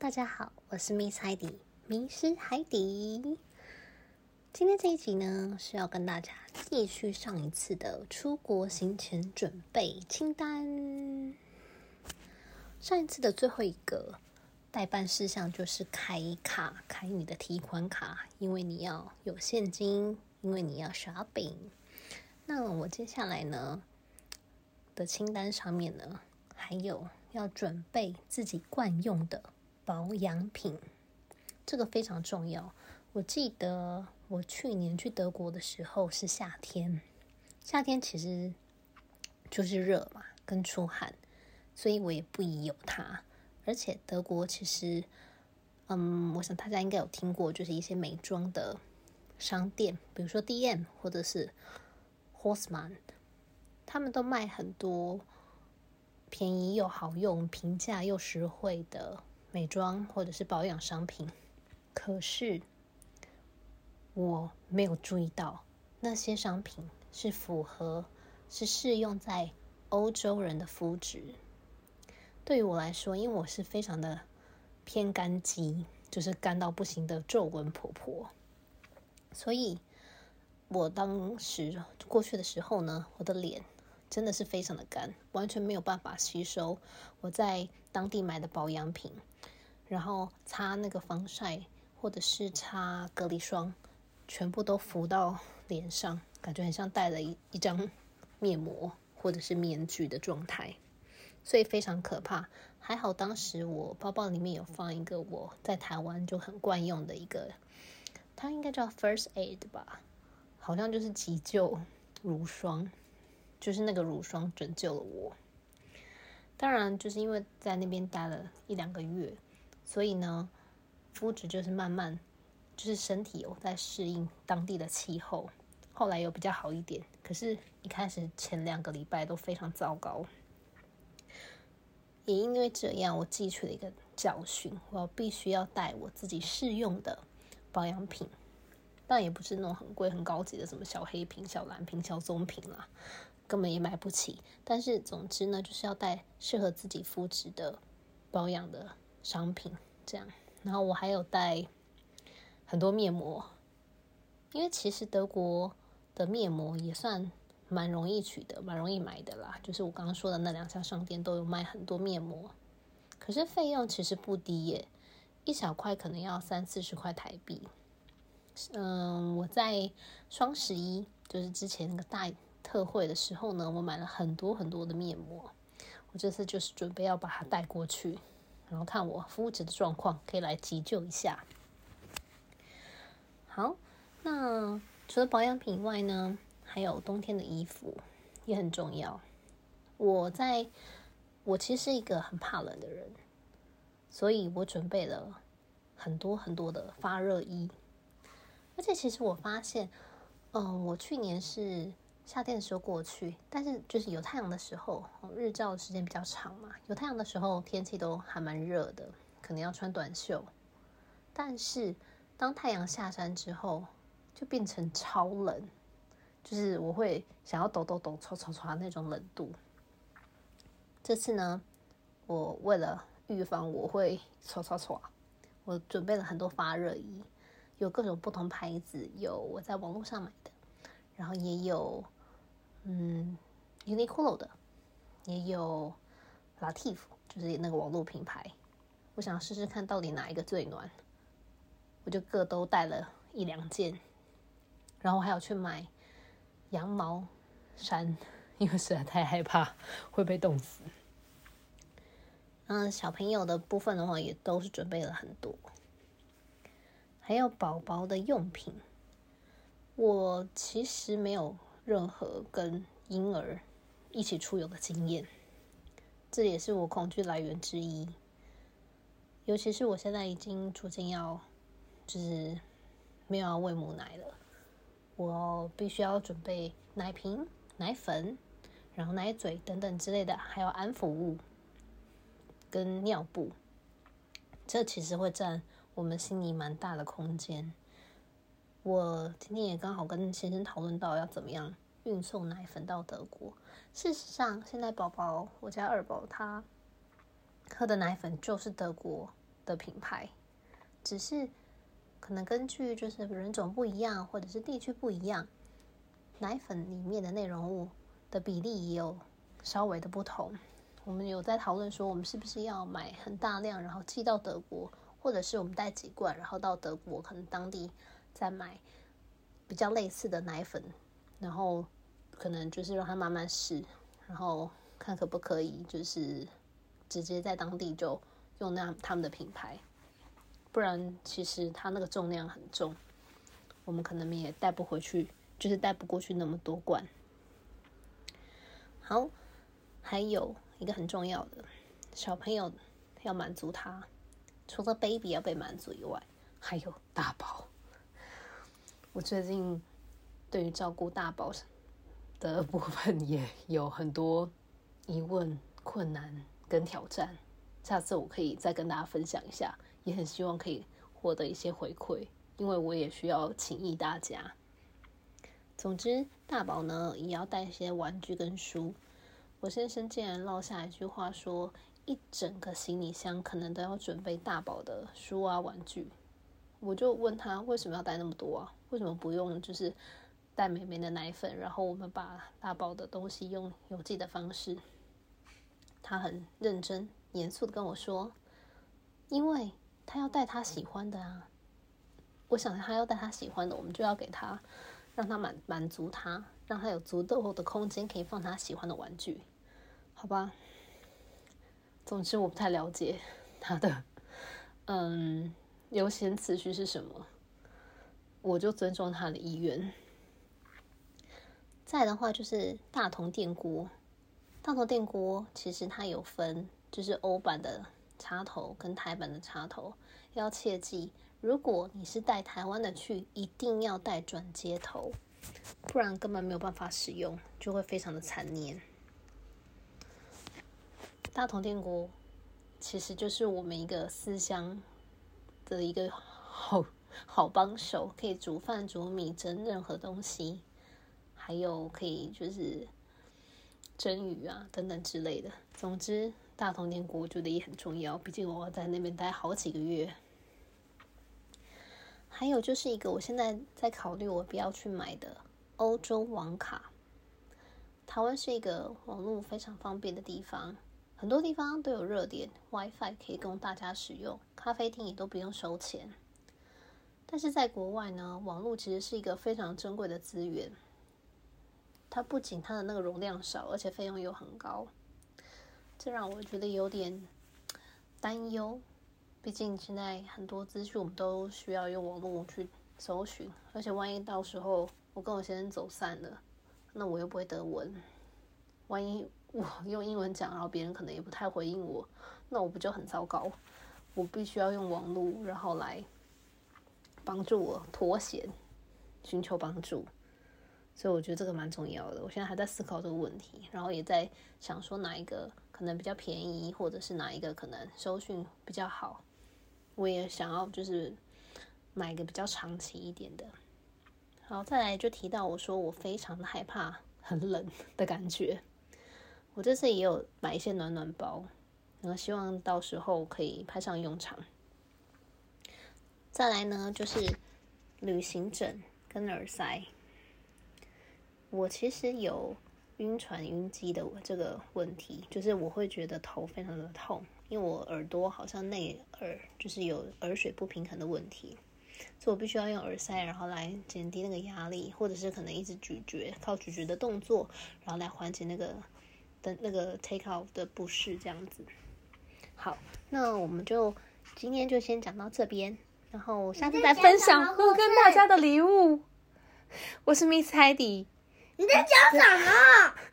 大家好，我是 Miss Heidi，迷失海底。今天這一集呢，是要跟大家繼續上一次的出國行前準備清單。上一次的最後一個代辦事項就是開卡，開你的提款卡，因為你要有現金，因為你要 shopping。那我接下來呢的清單上面呢，還有要準備自己慣用的。保養品，這個非常重要。我記得我去年去德國的時候是夏天，夏天其實就是熱嘛，跟出汗，所以我也不宜有它。而且德國其實，嗯，我想大家應該有聽過，就是一些美妝的商店，比如說 DM 或者是 Rossmann，他們都賣很多便宜又好用、平價又實惠的。美妝或者是保養商品，可是我沒有注意到那些商品是符合、是適用在歐洲人的膚質。對於我來說，因為我是非常的偏乾肌，就是乾到不行的皺紋婆婆，所以我當時過去的時候呢，我的臉真的是非常的乾，完全沒有辦法吸收我在當地買的保養品。然後擦那個防曬，或者是擦隔離霜，全部都敷到臉上，感覺很像戴了一一張面膜或者是面具的狀態，所以非常可怕。還好當時我包包裡面有放一個我在台灣就很慣用的一個，它應該叫 first aid 吧，好像就是急救乳霜，就是那個乳霜拯救了我。當然，就是因為在那邊待了一兩個月。所以呢，膚質就是慢慢，就是身體有在適應當地的氣候，後來又比較好一點。可是，一開始前兩個禮拜都非常糟糕。也因為這樣，我汲取了一個教訓，我必須要帶我自己適用的保養品，但也不是那種很貴、很高級的，什麼小黑瓶、小藍瓶、小棕瓶啦，根本也買不起。但是，總之呢，就是要帶適合自己膚質的保養的。保商品這樣，然後我還有帶很多面膜，因為其實德國的面膜也算蠻容易取得，蠻容易買的啦。就是我剛剛說的那兩家商店都有賣很多面膜，可是費用其實不低耶，欸，一小塊可能要三四十塊台幣。嗯，我在雙十一就是之前那個大特惠的時候呢，我買了很多很多的面膜，我這次就是準備要把它帶過去。然後看我膚質的狀況，可以來急救一下。好，那除了保養品以外呢，還有冬天的衣服也很重要。我在我其實是一個很怕冷的人，所以我準備了很多很多的發熱衣。而且其實我發現，嗯、哦，我去年是。夏天的時候過去，但是就是有太陽的時候，日照的時間比較長嘛。有太陽的時候，天氣都還蠻熱的，可能要穿短袖。但是當太陽下山之後，就變成超冷，就是我會想要抖抖抖、搓搓搓那種冷度。這次呢，我為了預防我會搓搓搓，我準備了很多發熱衣，有各種不同牌子，有我在網絡上買的，然後也有。嗯，Uniqlo 的也有 lativ，就是那個網絡品牌。我想試試看到底哪一個最暖，我就各都帶了一兩件。然後還有去買羊毛衫，因為實在太害怕會被凍死。嗯，小朋友的部分的話，也都是準備了很多，還有寶寶的用品。我其實沒有。任何跟嬰兒一起出遊的經驗，這也是我恐懼來源之一。尤其是我現在已經逐漸要，就是沒有要餵母奶了，我必須要準備奶瓶、奶粉，然後奶嘴等等之類的，還有安撫物跟尿布。這其實會佔我們心裡蠻大的空間。我今天也剛好跟先生討論到要怎麼樣運送奶粉到德國。事實上，現在寶寶，我家二寶他喝的奶粉就是德國的品牌，只是可能根據就是人種不一樣，或者是地區不一樣，奶粉裡面的內容物的比例也有稍微的不同。我們有在討論說，我們是不是要買很大量，然後寄到德國，或者是我們帶幾罐，然後到德國可能當地。再買比較類似的奶粉，然後可能就是讓他慢慢試，然後看可不可以，就是直接在當地就用那他們的品牌。不然，其實他那個重量很重，我們可能也帶不回去，就是帶不過去那麼多罐。好，還有一個很重要的，小朋友要滿足他，除了 baby 要被滿足以外，還有大寶。我最近對於照顧大寶的部分也有很多疑問、困難跟挑戰，下次我可以再跟大家分享一下，也很希望可以獲得一些回饋，因為我也需要請益大家。總之，大寶呢也要帶一些玩具跟書。我先生竟然撂下一句話說：“一整個行李箱可能都要準備大寶的書啊、玩具。”我就問他為什麼要帶那麼多啊？為什麼不用就是帶美美的奶粉，然後我們把大寶的東西用郵寄的方式？他很認真、嚴肅的跟我說，因為他要帶他喜歡的啊。我想他要帶他喜歡的，我們就要給他，讓他滿滿足他，讓他有足夠的空間可以放他喜歡的玩具，好吧？總之，我不太了解他的嗯優先次序是什麼？我就尊重他的意願。再的話就是大同電鍋，大同電鍋其實它有分，就是歐版的插頭跟台版的插頭，要切記，如果你是帶台灣的去，一定要帶轉接頭，不然根本沒有辦法使用，就會非常的殘念。大同電鍋其實就是我們一個思鄉的一個好。好幫手，可以煮飯、煮米、蒸任何東西，還有可以就是蒸魚啊等等之類的。總之，大同電鍋我覺得也很重要，畢竟我在那邊待好幾個月。還有就是一個我現在在考慮我不要去買的歐洲網卡。台灣是一個網絡非常方便的地方，很多地方都有熱點 WiFi 可以供大家使用，咖啡廳也都不用收錢。但是在國外呢，網絡其實是一個非常珍貴的資源。它不僅它的那個容量少，而且費用又很高，這讓我覺得有點擔憂。畢竟現在很多資訊我們都需要用網絡去搜尋，而且萬一到時候我跟我先生走散了，那我又不會德文，萬一我用英文講，然後別人可能也不太回應我，那我不就很糟糕？我必須要用網絡，然後來。幫助我脫險，尋求幫助，所以我覺得這個蠻重要的。我現在還在思考這個問題，然後也在想說哪一個可能比較便宜，或者是哪一個可能收訊比較好。我也想要就是買一個比較長期一點的。好，再來就提到我說我非常害怕很冷的感覺，我這次也有買一些暖暖包，然後希望到時候可以派上用場。再來呢，就是旅行枕跟耳塞。我其實有暈船、暈機的我這個問題，就是我會覺得頭非常的痛，因為我耳朵好像內耳就是有耳水不平衡的問題，所以我必須要用耳塞，然後來減低那個壓力，或者是可能一直咀嚼，靠咀嚼的動作，然後來緩解那個的、那個 take off 的不適這樣子。好，那我們就今天就先講到這邊。然後我下次再分享我跟大家的禮物。我是 Miss Heidi。你在講什麼？